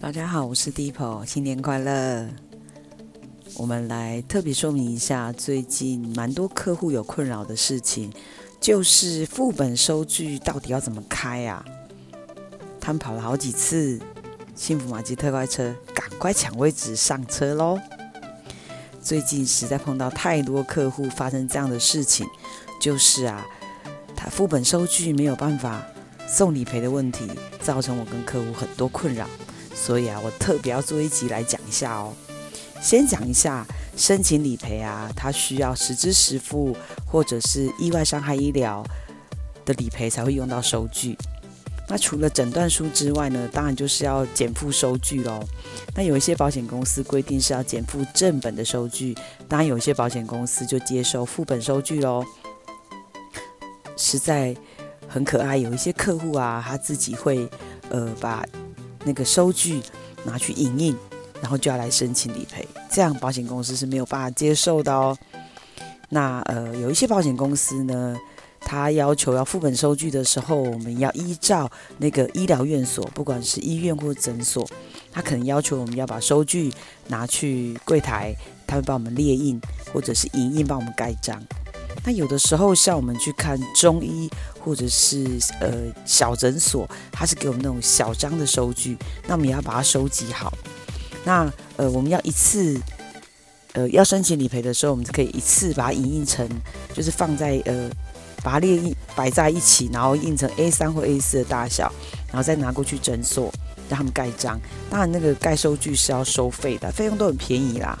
大家好，我是 Deepo，新年快樂！我們來特別說明一下，最近蠻多客戶有困擾的事情，就是副本收據到底要怎麼開啊？他們跑了好幾次，幸福馬吉特快車，趕快搶位置上車嘍！最近實在碰到太多客戶發生這樣的事情，就是啊，他副本收據沒有辦法送理賠的問題，造成我跟客戶很多困擾。所以啊，我特別要做一集來講一下哦。先講一下申請理賠啊，它需要實支實付，或者是意外傷害醫療的理賠才會用到收據。那除了診斷書之外呢，當然就是要檢附收據嘍。那有一些保險公司規定是要檢附正本的收據，當然有一些保險公司就接受副本收據嘍。實在很可愛，有一些客戶啊，他自己會呃把。那個收據拿去影印，然後就要來申請理賠，這樣保險公司是沒有辦法接受的哦。那呃，有一些保險公司呢，他要求要副本收據的時候，我們要依照那個醫療院所，不管是醫院或診所，他可能要求我們要把收據拿去櫃檯，他會幫我們列印，或者是影印，幫我們蓋章。那有的時候，像我們去看中醫，或者是呃小診所，它是給我們那種小張的收據，那我們也要把它收集好。那呃，我們要一次呃要申請理賠的時候，我們就可以一次把它影印成，就是放在呃把它列一擺在一起，然後印成 A 三或 A 四的大小，然後再拿過去診所讓他們蓋章。當然，那個蓋收據是要收費的，費用都很便宜啦。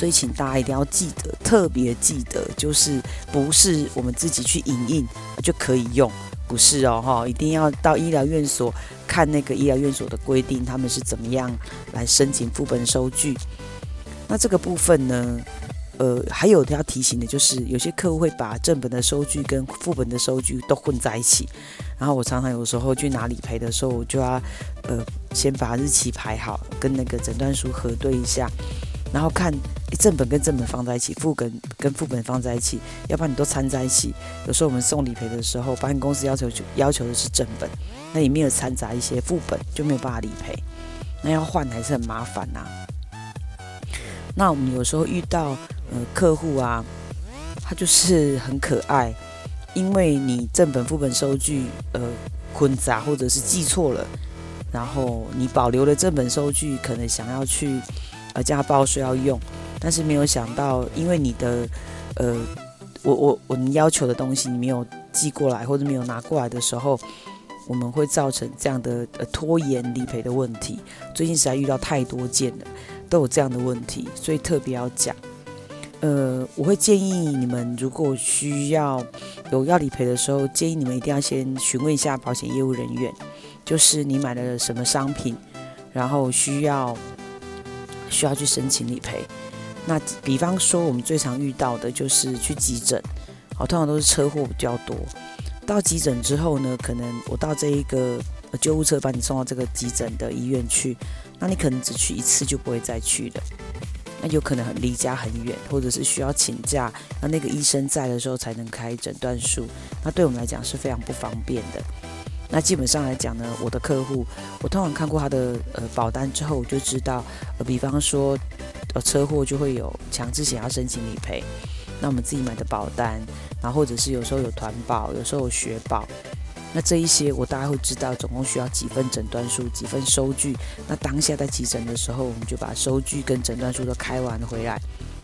所以，請大家一定要記得，特別記得，就是不是我們自己去影印就可以用，不是哦，一定要到醫療院所看那個醫療院所的規定，他們是怎麼樣來申請副本收據。那這個部分呢，呃，還有要提醒的，就是有些客戶會把正本的收據跟副本的收據都混在一起，然後我常常有時候去拿理賠的時候，我就要呃先把日期排好，跟那個診斷書核對一下。然後看，誒，正本跟正本放在一起，副本跟，跟副本放在一起，要不然你都摻在一起。有時候我們送理賠的時候，保險公司要求，要求的是正本，那裡面有摻雜一些副本，就沒有辦法理賠，那要換還是很麻煩吶，啊。那我們有時候遇到呃客戶啊，他就是很可愛，因為你正本副本收據呃混雜或者是記錯了，然後你保留了正本收據，可能想要去。呃，報稅要用，但是沒有想到，因為你的，呃，我我我們要求的東西你沒有寄過來或者沒有拿過來的時候，我們會造成這樣的呃拖延理賠的問題。最近實在遇到太多件了，都有這樣的問題，所以特別要講。呃，我會建議你們，如果需要有要理賠的時候，建議你們一定要先詢問一下保險業務人員，就是你買了什麼商品，然後需要。需要去申請理賠，那比方說我們最常遇到的就是去急診，好，哦，通常都是車禍比較多。到急診之後呢，可能我到這一個救護車把你送到這個急診的醫院去，那你可能只去一次就不會再去的。那有可能很離家很遠，或者是需要請假，那那個醫生在的時候才能開診斷書，那對我們來講是非常不方便的。那基本上來講呢，我的客戶，我通常看過他的呃保單之後，我就知道，呃，比方說，呃，車禍就會有強制險要申請理賠，那我們自己買的保單，然後或者是有時候有團保，有時候有學保，那這一些我大概會知道總共需要幾份診斷書，幾份收據，那當下在急診的時候，我們就把收據跟診斷書都開完回來，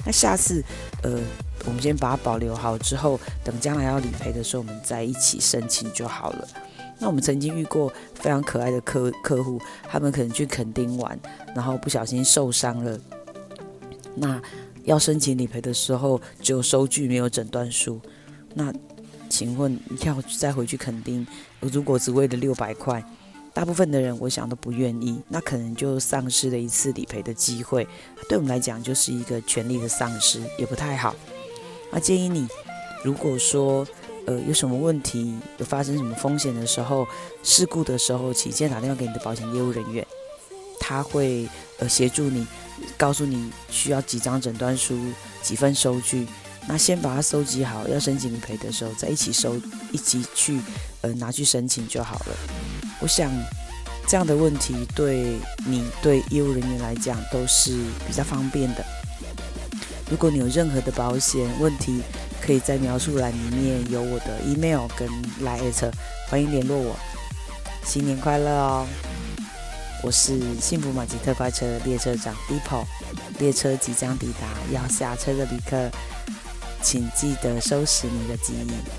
那下次，呃，我們先把它保留好之後，等將來要理賠的時候，我們再一起申請就好了。那我們曾經遇過非常可愛的客客戶，他們可能去墾丁玩，然後不小心受傷了。那要申請理賠的時候，只有收據沒有診斷書。那請問，你要再回去墾丁，如果只為了六百塊，大部分的人我想都不願意。那可能就喪失了一次理賠的機會，對我們來講就是一個權利的喪失，也不太好。那建議你，如果說。呃，有什麼問題，有發生什麼風險的時候，事故的時候，請先打電話給你的保險業務人員，他會呃協助你，告訴你需要幾張診斷書，幾份收據，那先把它收集好，要申請理賠的時候再一起收，一起去呃拿去申請就好了。我想這樣的問題對你對業務人員來講都是比較方便的。如果你有任何的保險問題，可以在描述欄裡面有我的 email 跟 line，A 車歡迎聯絡我。新年快樂哦！我是幸福馬吉特快車列車長 Deepo 列車即將抵達，要下車的旅客，請記得收拾你的記憶。